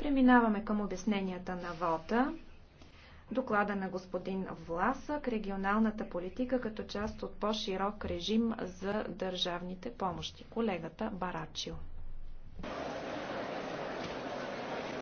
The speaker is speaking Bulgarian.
Преминаваме към обясненията на вота. Доклада на господин Власък, регионалната политика като част от по-широк режим за държавните помощи. Колегата Барачил.